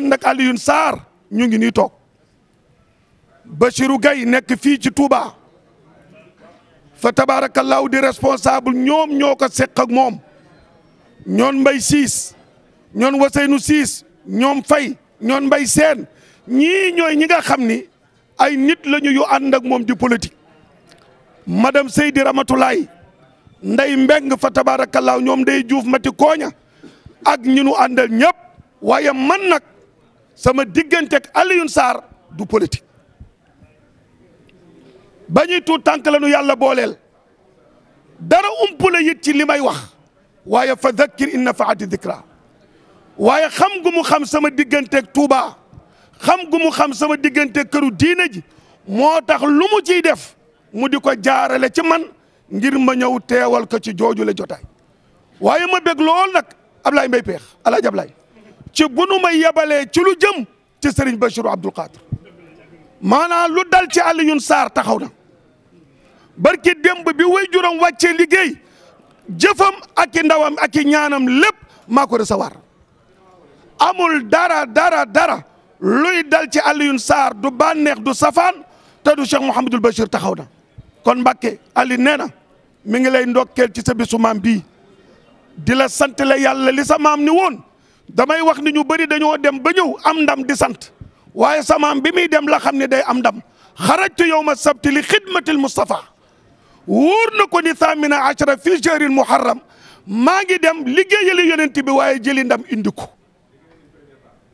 ànd ak Alioune Sarr ñu ngi nii toog Bachirou Gaye nekk fii ci Touba fa tabaarakallaahu di responsable ñoom ñoo ko seq ak moom ñoon Mbay Siis ñoon Waseynu Siis ñoom Fay ñoon Mbay Seen ñii ñooy ñi nga xam ni ay nit lañu yu ànd ak moom di madam madame Seydi Ramatulaay nday mbeng fa tabaarakallaahu ñoom day juuf mati kooña ak ñi nu àndal ñëpp waaye man nag sama diggante ak Alioune du politique ba ñuy tuut yàlla booleel dara umpule yit ci li may wax waaye fa dhakkir fa nafaati dikra waaye xam gu xam sama digganteeg Touba xam gu mu xam sama digganteeg këru diine ji moo tax lu mu ciy def mu di ko jaarale ci man ngir ma ñëw teewal ko ci jooju la jotaay waaye ma bég lool nag Ablaye Mbaye Peex Alaaji Ablaye ci bu ma yebalee ci lu jëm ci sëriñ Bachiru Abdul Qadir maanaam lu dal ci Alioune Sarr taxaw na barki démb bi way juram wàccee liggéey jëfam ak i ndawam ak ñaanam lépp maa ko recevoir amul dara dara dara luy dal ci Alioune Sarr du bànneex du safaan te du Cheikh Mouhamadul Bachir taxaw na kon Mbàkke ali nee na mi ngi lay ndokkeel ci sa bisu maam bii di la sant la yàlla li sa maam ni woon damay wax ni ñu bëri dañoo dem ba ñëw am ndam di sant waaye samaam bi muy dem la xam ne day am ndam xarajtu yowma sabti li xidmatil Moustapha wóor na ko ni thamina achara fi jahril muharram maa ngi dem liggéey liggéeyali yonent bi waaye jëli ndam indi ko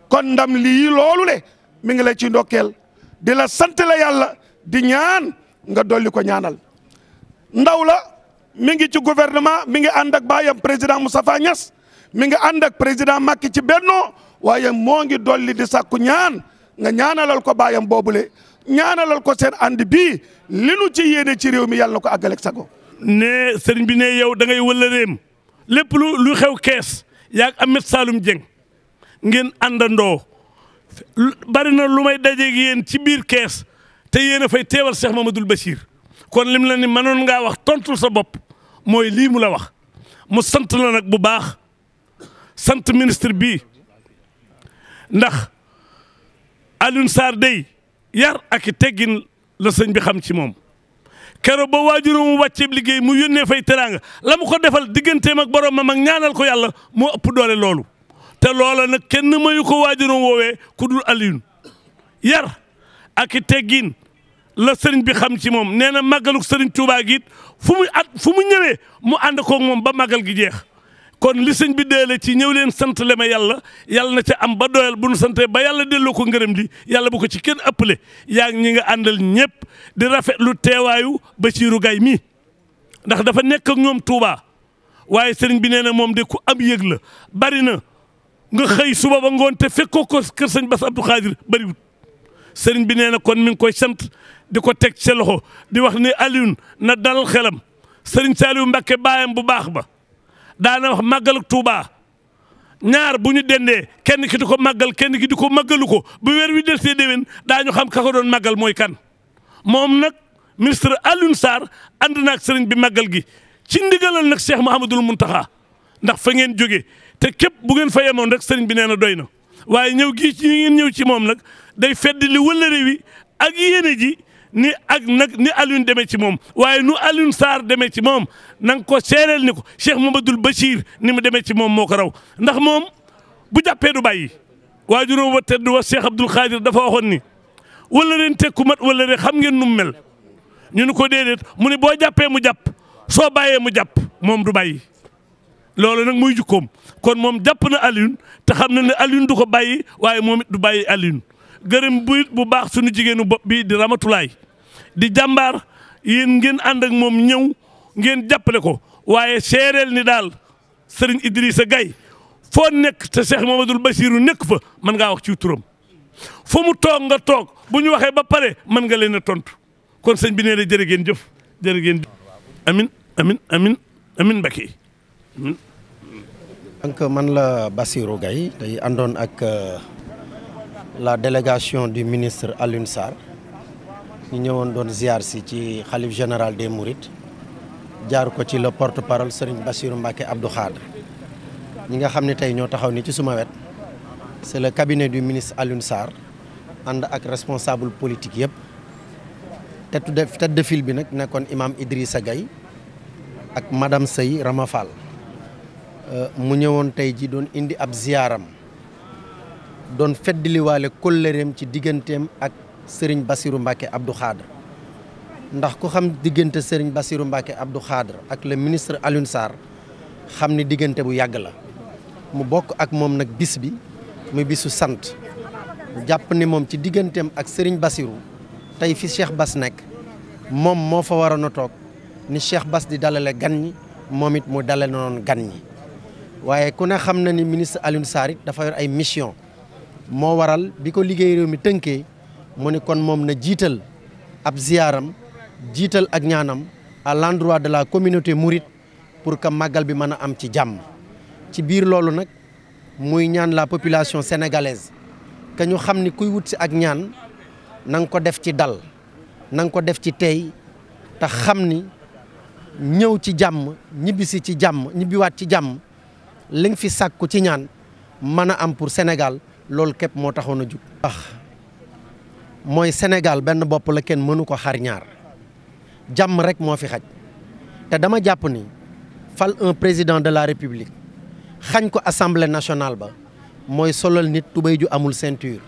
kon ndam lii loolu le mi ngi la ci ndokkeel di la sant la yàlla di ñaan nga dolli ko ñaanal ndaw la mi ngi ci gouvernement mi ngi ànd ak baayam président Moustapha Niass mi nga ànd ak président Macky ci bennoo waaye moo ngi dolli di sakku ñaan nga ñaanalal ko baayam boobule ñaanalal ko seen ànd bii li nu ci yéene ci réew mi yàlla na ko àggaleeg sago ne sëriñ bi ne yow da ngay wëllëreem lépp lu lu xew kees yaag Ahmed Saloum Dieng ngeen àndandoo bari na lu may dajeeg yéen ci biir kees te yéen a fay teewal Cheikh Mamadou Bachir kon lim la ni mënoon ngaa wax tontul sa bopp mooy lii mu la wax mu sant la bu baax. sant ministre bii ndax Alioune Sarr day yar ak i teggin la sëñ bi xam ci moom keroog ba mu wàcceeb liggéey mu yónnee fay teraanga la mu ko defal diggantee digganteem ak ma ak ñaanal ko yàlla moo ëpp doole loolu te loola nag kenn mayu ko waajuram woowee ku dul Alioune yar ak i teggin la sëriñ bi xam ci moom nee na màggaluk sëriñ Tuubaa gi it fu mu at mu ñëwee mu ànd moom ba màggal gi jeex kon li sëñ bi deele ci ñëw leen sant le ma yàlla yàlla na ci am ba doyal bu nu santee ba yàlla delloo ko ngërëm di yàlla bu ko ci kenn ëppale yaa ngi ñi nga àndal ñëpp di rafet lu teewaayu Bassirou Gaye mi ndax dafa nekk ak ñoom Touba waaye sëriñ bi nee na moom de ku am yëg la bari na nga xëy suba ba ngoon te fekkoo ko kër sëñ Bass Abdou Khadir bari sëriñ bi nee na kon mi ngi koy sant di ko teg ca loxo di wax ne Alioune na dal xelam sëriñ Saliou Mbacké baayam bu baax ba daana wax màggalu ñaar bu ñu dendee kenn ki di ko màggal kenn ki di ko màggalu ko bu weer wi del see déwén daañu xam ka doon màggal mooy kan moom nag ministre Alioune Sarr ànd naag sëriñ bi màggal gi ci ndigalal nag Cheikh Mouhamadul Mountakha ndax fa ngeen jógee te képp bu ngeen fa yemoon rek sëriñ bi nee na doy na waaye ñëw gi ngeen ñëw ci moom nag day fedd li wëllëre wi ak yéene ji ni ak nag ni Alioune demee ci moom waaye nu Alioune Sarr demee ci moom nang ko seereel ni ko Cheikh Mamadou Bachir ni mu demee ci moom moo ko raw ndax moom bu jàppee du bàyyi waajuróom wa tedd wa Cheikh Abdoul Khadir dafa waxoon ni wala leen tekku mat wala rek xam ngeen nu mu mel ñu nu ko déedéet mu ne boo jàppee mu jàpp soo bàyyee mu jàpp moom du bàyyi loolu nag muy jukkoom kon moom jàpp na Alioune te xam na ne Alioune du ko bàyyi waaye moom it du bàyyi Alioune gërëm bu bu baax suñu jigéenu bopp bii di Ramatulaay di jàmbaar yéen ngeen ànd ak moom ñëw ngeen jàppale ko waaye seereel ni daal sëriñ Idrissa Gaye foo nekk te Cheikh Mamadou Bassirou nekk fa mën ngaa wax ci turam fu mu toog nga toog bu ñu waxee ba pare mën nga leen a tontu kon sëñ bi nee na jërë ngeen jëf jërë ngeen amin amin amin amin Mbacké donc man la Bassirou Gaye day àndoon ak euh, la délégation du ministre Alioune ñu ñëwoon doon ziar si ci xalif général de Mourides jaar ko ci le porte parole Serigne Bassirou Mbacké Abdou Khadre ñi nga xam ne tey ñoo taxaw ni ci suma wet c'est le cabinet du ministre Alioune Sarr ànd ak responsable politique yëpp tête de de file bi nag nekkoon imam Idrissa gay ak madame Sey Rama euh, mu ñëwoon tey ji doon indi ab ziaram doon feddliwaale kóllëreem ci digganteem ak sëriñ basiru Mbacké Abdou Khadre ndax ku xam diggante sëriñ Bassirou Mbacké Abdou Khadre ak la ministre Alioune Sarr xam ni diggante bu yàgg la mu bokk ak moom nag bis bi muy bisu sant jàpp ni moom ci digganteem ak sëriñ basiru tey fi Cheikh Bass nekk moom moo fa waroon a toog ni Cheikh bas di dalale gan ñi moom it mu dalale noonu gan ñi waaye ku ne xam na ni ministre Alioune Sarr it dafa yor ay mission moo waral bi ko liggéey réew mi tënkee mu ne kon moom na jiital ab ziyaaram jiital ak ñaanam à l'endroit de la communauté mouride pour que màggal bi mën a am ci jàmm ci biir loolu nag muy ñaan la population sénégalaise que ñu xam ni kuy wut si ak ñaan nanga ko def ci dal na nga ko def ci tey te xam ni ñëw ci jàmm ñibbisi ci jàmm ñibbiwaat ci jàmm li nga fi sàkku ci ñaan mën a am pour Sénégal loolu képp moo taxoon a jug. mooy Sénégal benn bopp la kenn mënu ko xar ñaar jàmm rek moo fi xaj te dama jàpp ni fal un président de la république xañ ko assemblée nationale ba mooy solal nit tubéy ju amul ceinture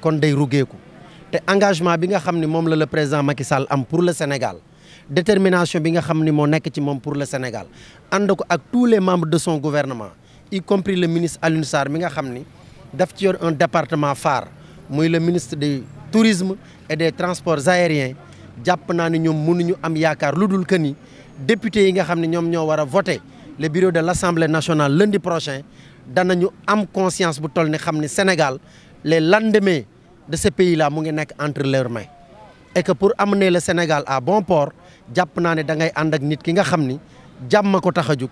kon dey rugeeku te engagement bi nga xam ni moom la la président Macky Sall am pour le Sénégal détermination bi nga xam ni moo nekk ci moom pour le Sénégal ànd ko ak tous les membres de son gouvernement y compris le ministre Alioune mi nga xam ni daf ci yor un département phare muy le ministre de tourisme et des transports aériens jàpp naa ne ñoom ñu am yaakaar lu dul que nii député yi nga xam ne ñoom ñoo war a voter le bureau de l'Assemblée nationale lundi prochain danañu am conscience bu toll ne xam ne Sénégal les lendemains de ce pays là mu ngi nekk entre leurs mains et que pour ne la Sénégal à bon port jàpp naa ne da ngay ànd ak nit ki nga xam ni jàmm ko tax a jóg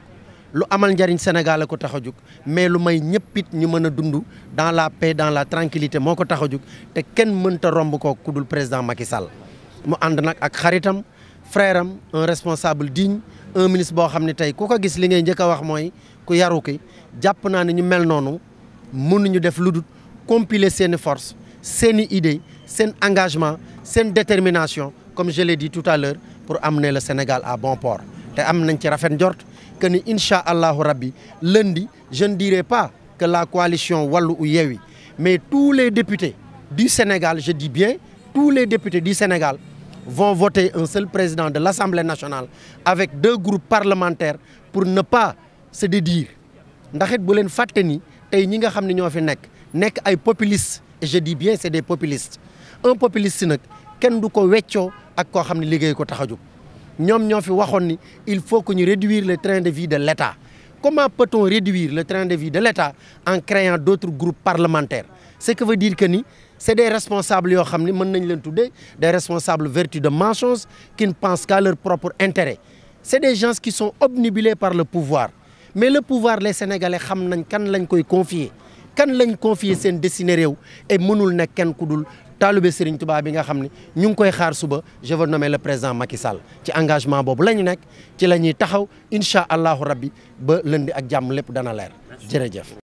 lu amal njariñ Sénégal a ko tax a jóg mais lu may ñëpp it ñu mën a dund dans la paix dans la tranquillité moo ko tax a jóg te kenn mënta romb koo ku dul président Macky Sall mu ànd nag ak xaritam frère am un responsable digne un ministre boo xam ne tey ku ko gis li ngay njëkk a wax mooy ku yaru ki jàpp naa ne ñu mel noonu mun mënuñu def lu dul compiler seeni force seeni idée seen engagement seen détermination comme je l'ai dit tout à l'heure pour amener le Sénégal à bon port te am nañ ci rafet njort que ni incha allahu rabbi lundi je ne dirai pas que la coalition Wallu ou Yewwi mais tous les députés du Sénégal je dis bien tous les députés du Sénégal von voter un seul président de l'Assemblée nationale avec deux groupes parlementaires pour ne pas se dédire ndax it bu leen fàtte ni tey ñi nga xam ne ñoo fi nekk nekk ay populistes et je dis bien c'est des populistes un populiste nag kenn du ko weccoo ak koo xam ne liggéey ko tax a jóg ñoom ñoo fi waxoon ni il faut que ñu réduire le train de vie de l'État comment peut-on réduire le train de vie de l'État en créant d'autres groupes parlementaires ce que veut dire que ni c'est des responsables yoo xam ni mën nañ leen tuddee de responsables vertu de mensonge qui ne pensent qu'à leur propre intérêt c'est des gens qui sont obnubilés par le pouvoir mais le pouvoir les Sénégalais xam nañ kan lañ koy confier kan lañ confier seen destinée réew et mënul ne kenn ku dul taalube Serigne Touba bi nga xam ne ñu ngi koy xaar suba je la nommer le président Macky ci engagement boobu la ñu nekk ci la ñuy taxaw incha allahu rabbi ba lëndi ak jàmm lépp dana leer jërëjëf.